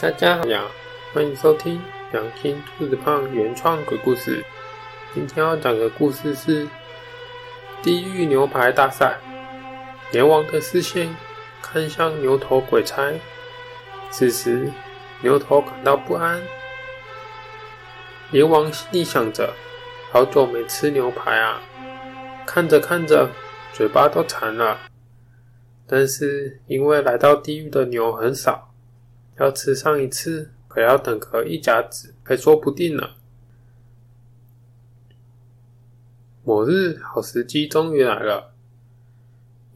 大家好呀，歡迎收聽《良心兔子胖》原創鬼故事。今天要講的故事是《地獄牛排大賽》。閻王的視線看向牛頭鬼差，此時牛頭感到不安。閻王心裡想着：“好久沒吃牛排啊，看着看着，嘴巴都饞了。”但是因為來到地獄的牛很少。要吃上一次，可要等個一甲子，還說不定呢。某日，好時機終於來了，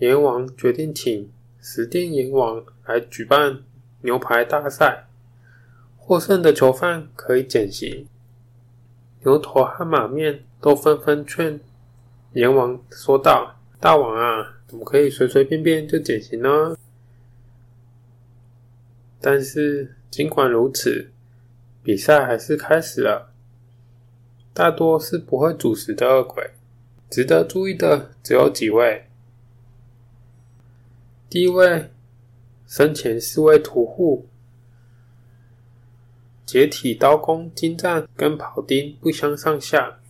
閻王決定請十殿閻王來舉辦牛排大賽，獲勝的囚犯可以減刑。牛頭和馬面都紛紛勸閻王說道：“大王啊，怎麼可以隨隨便便就減刑呢？”但是，儘管如此，比賽還是開始了。大多是不會煮食的惡鬼，值得注意的只有幾位。第一位，生前是位屠戶，解體刀工精湛，跟庖丁不相上下。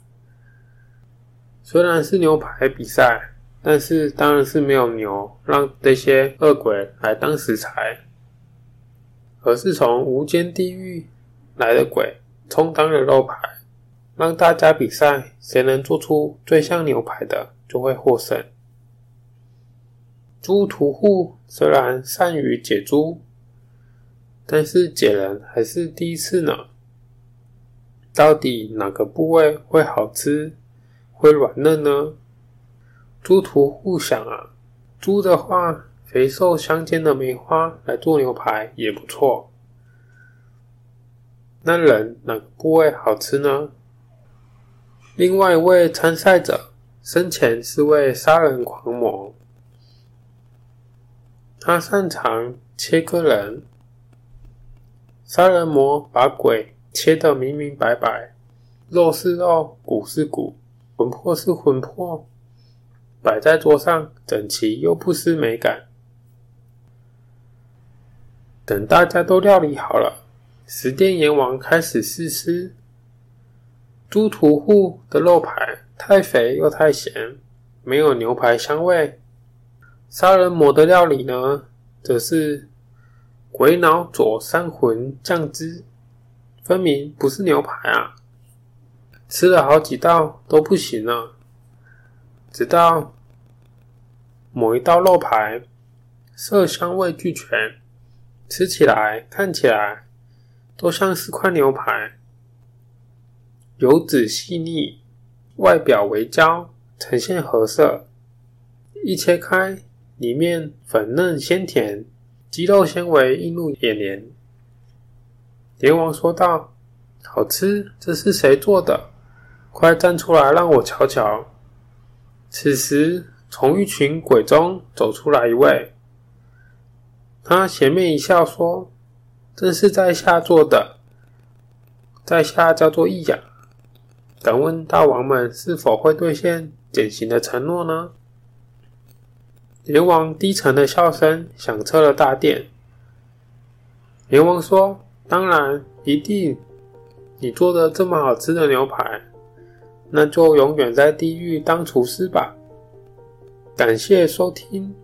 雖然是牛排比賽，但是當然是沒有牛，讓這些惡鬼來當食材。而是從無間地獄來的鬼充當了肉排，讓大家比賽，誰能做出最像牛排的就會獲勝。豬屠戶雖然善於解豬，但是解人還是第一次呢。到底哪個部位會好吃，會軟嫩呢？豬屠戶想啊，豬的話。肥瘦相間的梅花來做牛排也不錯。那人哪個部位好吃呢？另外一位參賽者生前是位殺人狂魔，他擅長切割人。殺人魔把鬼切得明明白白，肉是肉，骨是骨，魂魄是魂魄，擺在桌上整齊又不失美感。等大家都料理好了，十殿閻王開始試吃。豬屠戶的肉排太肥又太鹹，沒有牛排香味。殺人魔的料理呢，則是鬼腦佐三魂醬汁，分明不是牛排啊！吃了好幾道都不行了。直到某一道肉排，色香味俱全。吃起來，看起來都像是塊牛排，油脂細膩，外表微焦，呈現褐色。一切開，裡面粉嫩鮮甜，肌肉纖維映入眼簾。閻王說道：“好吃，這是誰做的？快站出來讓我瞧瞧。”此時，從一群鬼中走出來一位。他邪魅一笑說：“這是在下做的，在下叫做易雅。敢問大王們是否會兌現減刑的承諾呢？”閻王低沉的笑聲響徹了大殿。閻王說：“當然，一定。你做的這麼好吃的牛排，那就永遠在地獄當廚師吧。”感謝收聽。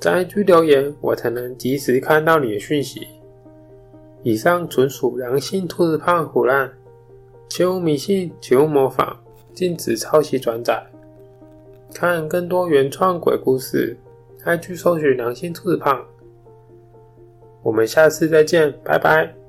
在 IG 留言，我才能及時看到你的訊息。以上純屬良心兔子胖唬爛，請勿迷信，請勿模仿，禁止抄襲轉載。看更多原創鬼故事，IG 搜尋良心兔子胖。我們下次再見，拜拜。